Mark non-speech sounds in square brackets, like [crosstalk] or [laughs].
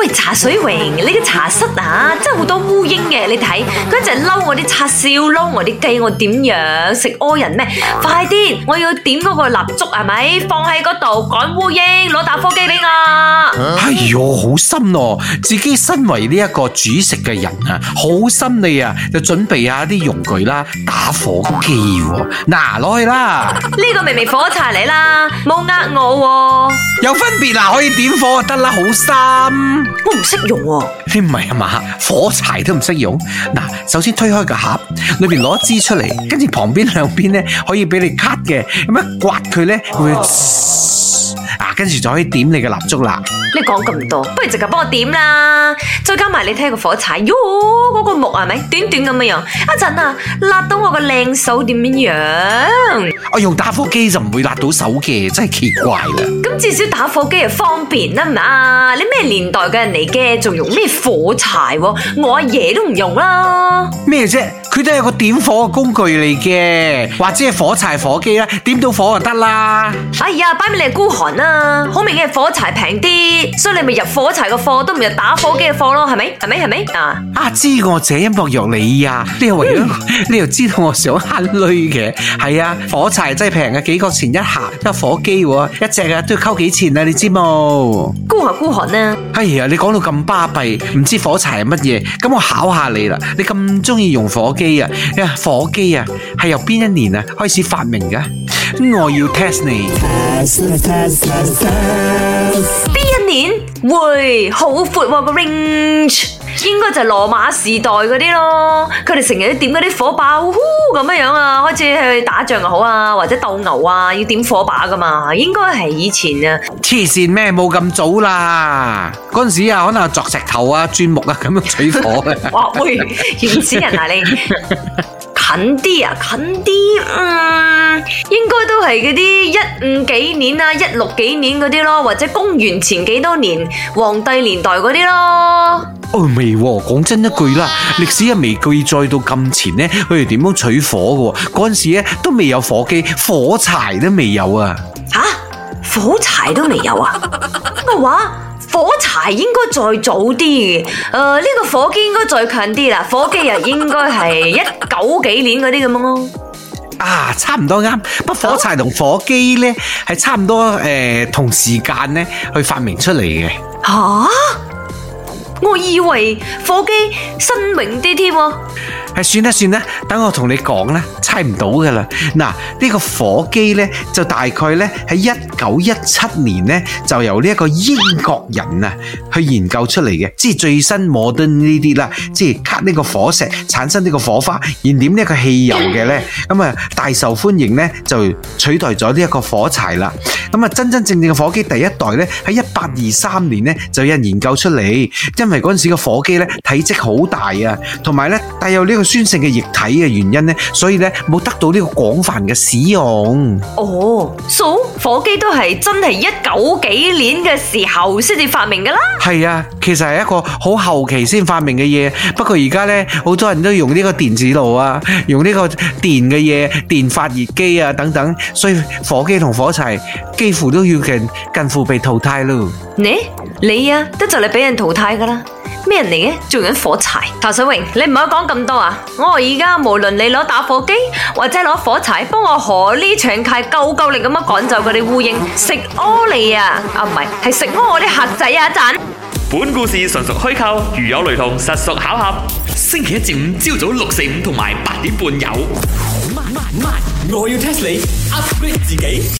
喂，茶水榮，呢個茶室啊，真係好多烏蠅嘅，你睇，嗰陣嬲我啲叉燒，嬲我啲雞，我點樣食屙人咩？快啲，我要點嗰個蠟燭係咪？放喺嗰度趕烏蠅，攞打火機俾我。哎喲，好心哦，自己身為呢一個煮食嘅人啊，好心你啊，就準備下啲用具啦，打火機、啊，嗱攞去啦。呢 [laughs] 個明明火柴嚟啦，冇呃我、啊。有分別啦，可以點火就得啦，好心。我唔識用喎，啊。你唔係啊嘛，火柴都唔識用。嗱，首先推開個盒，裏邊攞一支出嚟，跟住旁邊兩邊咧可以俾你 cut 嘅，咁樣刮佢咧會,會，啊，跟住就可以點你嘅蠟燭啦。你講咁多，不如直接幫我點啦。再加埋你睇下個火柴，喲，嗰、那個木係咪短短咁樣？一陣啊，辣到我個靚手點樣樣？我用打火機就唔會辣到手嘅，真係奇怪啦。咁至少打火機係方便啦嘛，你咩年代嘅人嚟嘅，仲用咩？火柴喎，我阿爺都唔用啦。咩啫？佢都係個點火嘅工具嚟嘅，或者係火柴、火機啦、啊，點到火就得啦。哎呀，擺明你係孤寒啦、啊，好明顯係火柴平啲，所以你咪入火柴嘅貨都唔入打火機嘅貨咯，係咪？係咪？係咪？啊啊，知我者莫若你呀、啊？你又為咗，嗯、你又知道我想慳鐳嘅，係啊，火柴真係平嘅，幾個錢一盒，但係火機、啊、一隻啊都要扣幾錢啊，你知冇？孤寒孤寒啦。哎呀，你講到咁巴閉，唔知火柴係乜嘢，咁我考下你啦，你咁中意用火。機啊呀，火機啊，係由邊一年啊開始發明嘅？我要 test 你，邊一年？喂，好闊喎個 range。應該就係羅馬時代嗰啲咯，佢哋成日都點嗰啲火把咁樣樣啊，開始去打仗又好啊，或者鬥牛啊，要點火把噶嘛？應該係以前啊，黐線咩，冇咁早啦，嗰陣時啊，可能係鑿石頭啊、鑽木啊咁樣取火嘅。 [laughs] 哇，喂，原始人啊，你 [laughs] 近啲啊，近啲，嗯，應該都係嗰啲一五幾年啊，一六幾年嗰啲咯，或者公元前幾多年，皇帝年代嗰啲咯。哦，未。講真一句啦，歷史又未記載到咁前咧，佢哋點樣取火嘅？嗰陣時咧都未有火機，火柴都未有啊！吓、啊，火柴都未有啊？唔、那、係、個、話火柴應該再早啲，誒、呃、呢、這個火機應該再近啲啦。火機又應該係一九幾年嗰啲咁樣咯、啊。啊，差唔多啱。不過火柴同火機咧係差唔多，誒、呃、同時間咧去發明出嚟嘅。吓、啊！我以為火雞新穎啲添喎。係算啦算啦，等我同你講啦，猜唔到噶啦。嗱，呢個火機咧就大概咧喺一九一七年咧就由呢一個英國人啊去研究出嚟嘅，即係最新 modern 呢啲啦，即係刻呢個火石產生呢個火花燃點呢個汽油嘅咧，咁啊大受歡迎咧就取代咗呢一個火柴啦。咁啊真真正正嘅火機第一代咧喺一八二三年咧就有人研究出嚟，因為嗰陣時個火機咧體積好大啊，同埋咧帶有呢個。酸性嘅液體嘅原因呢，所以呢冇得到呢個廣泛嘅使用。哦，所以火機都係真係一九幾年嘅時候先至發明㗎啦。係啊，其實係一個好後期先發明嘅嘢。不過而家呢，好多人都用呢個電子爐啊，用呢個電嘅嘢、電發熱機啊等等，所以火機同火柴幾乎都要近近乎被淘汰咯。咩？你啊，都就你俾人淘汰噶啦！咩人嚟嘅？做緊火柴。陶水榮，你唔好講咁多啊！我而家無論你攞打火機或者攞火柴，幫我海呢場界夠夠力咁樣趕走嗰啲烏蠅，食屙你啊！啊，唔係，係食屙我啲客仔啊！一陣。本故事純屬虛構，如有雷同，實屬巧合。星期一至五朝早六四五同埋八點半有。Oh, my, my, my. 我要 test 你 upgrade 自己。